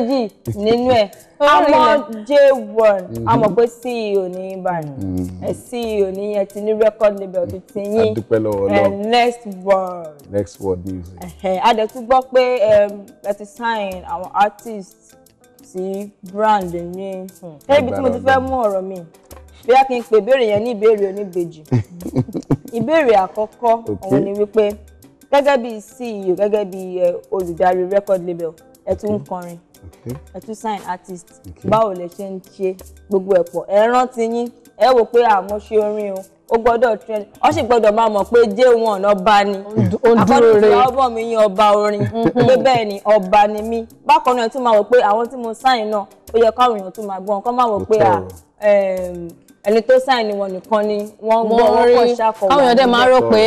méjì nínú ẹ̀ àmọ́ J1 mm-hmm. a mọ̀ pé CEO ní báyìí mm-hmm. ẹ̀ CEO ní yẹn ti ní record label tó ti yín next world next world music. a dẹ̀ tún gbọ́ pé ẹ ti sign àwọn artist sí brand ní hmm. ibi tí mo ti fẹ́ mú ọ̀rọ̀ mi bóyá kí n pè ìbéèrè yẹn ní ìbéèrè oníbejì ìbéèrè àkọ́kọ́ òun ni wípé gẹ́gẹ́ bí CEO gẹ́gẹ́ bí olùdarí record label ẹ̀ tún ń kọrin ẹ tún sign artist báwo lẹ ṣe ń ṣe gbogbo ẹ̀ pọ̀ ẹ rántí yín ẹ wò pé àmọ́ ṣe orin o ó gbọ́dọ̀ trend ó sì gbọ́dọ̀ máa mọ̀ pé J1 ọba ni àkọ́ni tí ọbọ̀ mi yín ọba orin mhm. pé bẹ́ẹ̀ ni ọba ni mí bákan náà ẹ tún máa wò pé àwọn tí mo sign náà ó yẹ káwọn èèyàn tún máa gbọ́n kọ́ máa wò pé à ẹni tó sáìnì wọn nìkan ni wọ́n gbọ́ wọ́n kọ̀ ṣàkọwọ́. àwọn èèyàn dẹ̀ máa rò pé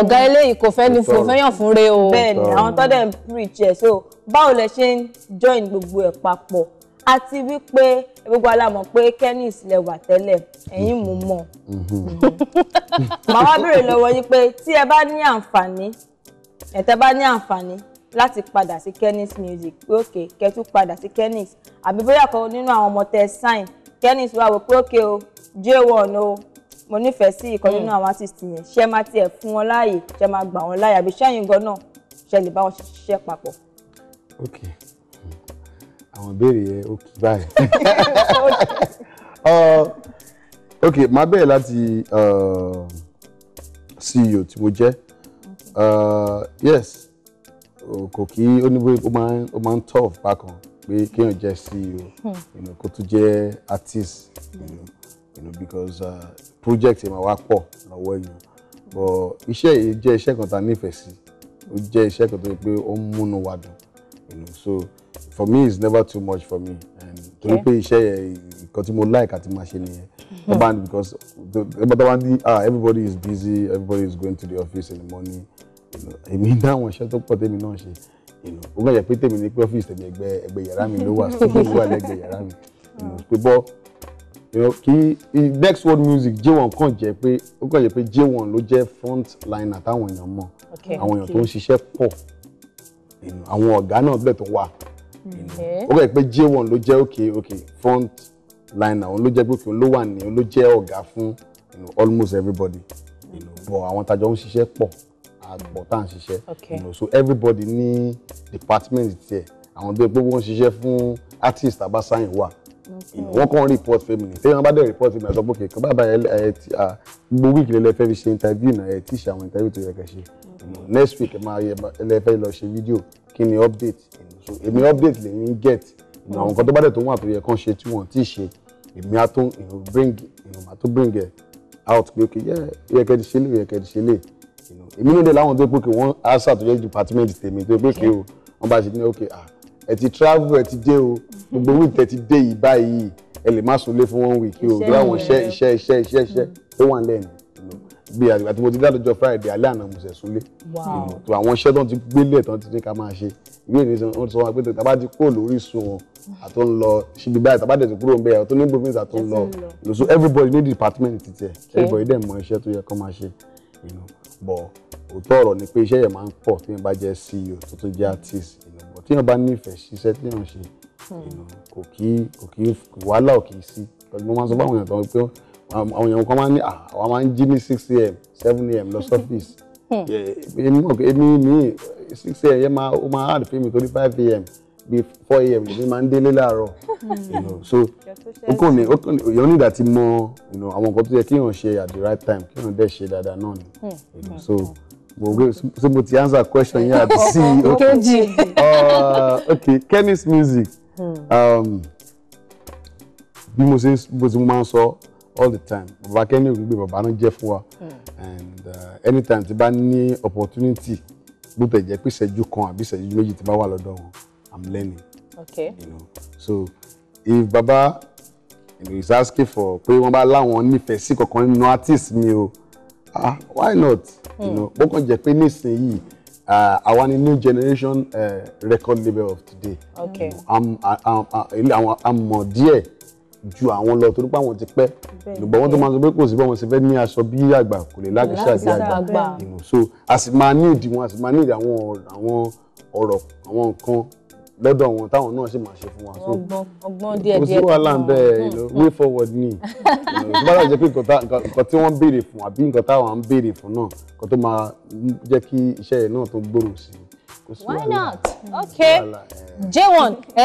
ọ̀gá eléyìí kò fẹ́ ni fò fẹ́yàn fún re o. bẹ́ẹ̀ni àwọn tó ń preach ẹ̀ so báwo lẹ ṣe ń join gbogbo ẹ̀ papọ̀ àti wípé gbogbo alámọ̀ pé kenneth lẹ wà tẹ́lẹ̀ ẹ̀yin mú mọ̀. Mm-hmm. màá wá béèrè lọ́wọ́ yín pé tí ẹ bá ní àǹfààní ẹ tẹ́ bá ní àǹfààní láti padà sí kenneth music pé òkè kẹ́ tún padà sí kenneth àbí bóyá kan nínú àwọn ọmọ tẹ́ sign kenneth wà wò pé òkè o j1 o mo nífẹ̀ẹ́ sí ìkan hmm. nínú àwọn artist yẹn ṣé máa tiẹ̀ fún wọn láàyè ṣé máa gbà wọn láàyè àbí ṣẹ́yìn gan náà ṣe lè bá wọn ṣiṣẹ́ papọ̀. ok àwọn ìbéèrè yẹn ó kì báyìí ok máa bẹ̀rẹ̀ láti CEO tí mo jẹ́ yes kò kí ó ní bóyá ó máa ń tough bákan pé kéèyàn jẹ́ CEO hmm. kó tún jẹ́ artist. Hmm you know because uh, project yẹn máa wá pọ̀ lọ́wọ́ yìí but iṣẹ́ yìí jẹ́ iṣẹ́ kan tá a nífẹ̀ẹ́ sí ó jẹ́ iṣẹ́ kan tó yẹ pé ó ń múnú wa dùn you know so for me it's never too much for me and torí pé iṣẹ́ yẹn nǹkan tí mo like àti máa ṣe nìyẹn ọba and because ọba wa ní ah everybody is busy everybody is going to the office in the morning èmi ní àwọn iṣẹ́ tó pọ̀ tèmi náà ṣe ó gbàgbé pé tèmi ní pé ọ́fíìsì tèmi ẹgbẹ́ ẹgbẹ́ yàrá mi ló wà sí ìlú wà lẹ́gbẹ̀ẹ́ yàrá mi pé bọ́ you know kí next world music j1 kàn jẹ́ pé ó kàn jẹ́ pé j1 ló jẹ́ front liner táwọn èèyàn mọ̀ àwọn èèyàn tó ń ṣiṣẹ́ pọ̀ àwọn ọ̀gá náà bẹ̀ tó wà ó kàn jẹ́ pé j1 ló jẹ́ okay okay front liner òun ló jẹ́ pé òun ló wà ní òun ló jẹ́ ọ̀gá fún almost everybody but àwọn tájọ ń ṣiṣẹ́ pọ̀ àgbọ̀ tá à ń ṣiṣẹ́ so everybody ní department tiẹ̀ àwọn tó yẹ pé wọ́n ń ṣiṣẹ́ fún artist abásáyìn Okay wọ́n kàn report fẹ́mi ní tẹ́yìn wọn bá dẹ̀ report fẹ́mi àti ọgbọ́n kẹ̀kẹ́ bàbá ẹ ti à gbogbo wíìkì lẹ́lẹ́ fẹ́ fi ṣe interview náà ẹ tíṣà àwọn interview tó yẹ kẹ́ ṣe next week ẹ máa yẹ ẹ fẹ́ lọ ṣe fídíò kí ni update so èmi update lè ní get àwọn nǹkan tó bá dẹ̀ tó wà tó yẹ kàn ṣe tí wọ́n ti ṣe èmi á tó bring màá tó bring ẹ out pé ok yẹ kẹ́ ti ṣe lè yẹ kẹ́ ti ṣe lè èmi nílẹ̀ láwọn tó pé kí wọ́n á ṣàtúnṣe department tèmi tó pé kí wọ́n bá ṣe ní ok ah ẹ ti travel ẹ ti dé o gbogbo week ẹ ti dé yìí báyìí ẹ lè má sunlé fún one week o bí àwọn iṣẹ́ iṣẹ́ iṣẹ́ iṣẹ́ iṣẹ́ tó wà lẹ́nu bí àti mo ti dá lọ́jọ́ friday alẹ́ àná mo ṣẹ̀ sunlé tó àwọn iṣẹ́ tó ti gbélé tán ti ní ká máa ṣe ìwé ìrìn sọ wọn sọ wọn pé tá ti kúrò lórí sun wọn àtó ń lọ ṣíbi báyìí tá a kúrò ń bẹ̀ ní gbòmìnira tó ń lọ so everybody ní department ti everybody dẹ̀ mọ iṣẹ́ tó yẹ kó máa ṣe bọ̀ òótọ́ ọ̀rọ̀ ni pé iṣẹ́ yẹn máa ń pọ̀ tí yẹn bá jẹ́ CEO tó tún jẹ́ artist téèyàn bá nífẹ̀ẹ́ ṣiṣẹ́ téèyàn ṣe hmm. kò kí kò kí wàhálà ò kì í sí mo máa ń sọ fáwọn èèyàn tán pé àwọn èèyàn kan máa ń ní àwọn máa ń jí ní six a.m. seven a.m. lọ sọ́fíìsì hmm. èmi mọ̀ pé èmi ní six a.m. yẹn máa ó máa hard fún mi torí five a.m. bíi four a.m. lèmi máa ń délé láàárọ̀ hmm. so ó kàn ní ó kàn ní èèyàn nígbà tí mọ àwọn nǹkan tó yẹ kí èèyàn ṣe at the right time kí èèyàn dẹ̀ ṣe dáadáa náà ni so gbogbo ṣé ti answer question yẹn àti sí kejì ok Kenny's music hmm. um, bí mo ṣe bó ti máa ń sọ all the time bàbá Kenny Ogungbe bàbá náà jẹ́ fún wa hmm. and uh, anytime tí bá ní opportunity bó tẹ̀ jẹ́ pé ìṣẹ́jú kan àbí ìṣẹ́jú méjì tí bá wà lọ́dọ̀ wọn I'm learning okay. you know so if baba you know, is asking for pé wọ́n bá láwọn nífẹ̀ẹ́ sí kankan nínú artist mi o. No ah why not mm. you hmm. know bó kàn jẹ́ pé nísìnyìí ah, ni new generation uh, record label of today okay àwọn amọ̀ díẹ̀ ju àwọn lọ torí pé àwọn ti pẹ́ lùgbọ́n wọn tó máa sọ pé kò sí bọ́n wọn sì fẹ́ ní aṣọ bí àgbà kò lè lákìsà bí àgbà so a sì máa ní ìdí wọn a sì máa ní ìdí àwọn ọ̀rọ̀ àwọn lọ́dọ̀ wọn táwọn náà ṣe máa ṣe fún wa. ọgbọ́n ọgbọ́n kò sí wàhálà ń bẹ way forward ni bára jẹ́ pé nǹkan tí wọ́n béèrè fún àbí nǹkan táwọn ń béèrè fún náà nǹkan tó máa jẹ́ kí iṣẹ́ yẹn náà tó gbòòrò sí i. why not okay eh. j1.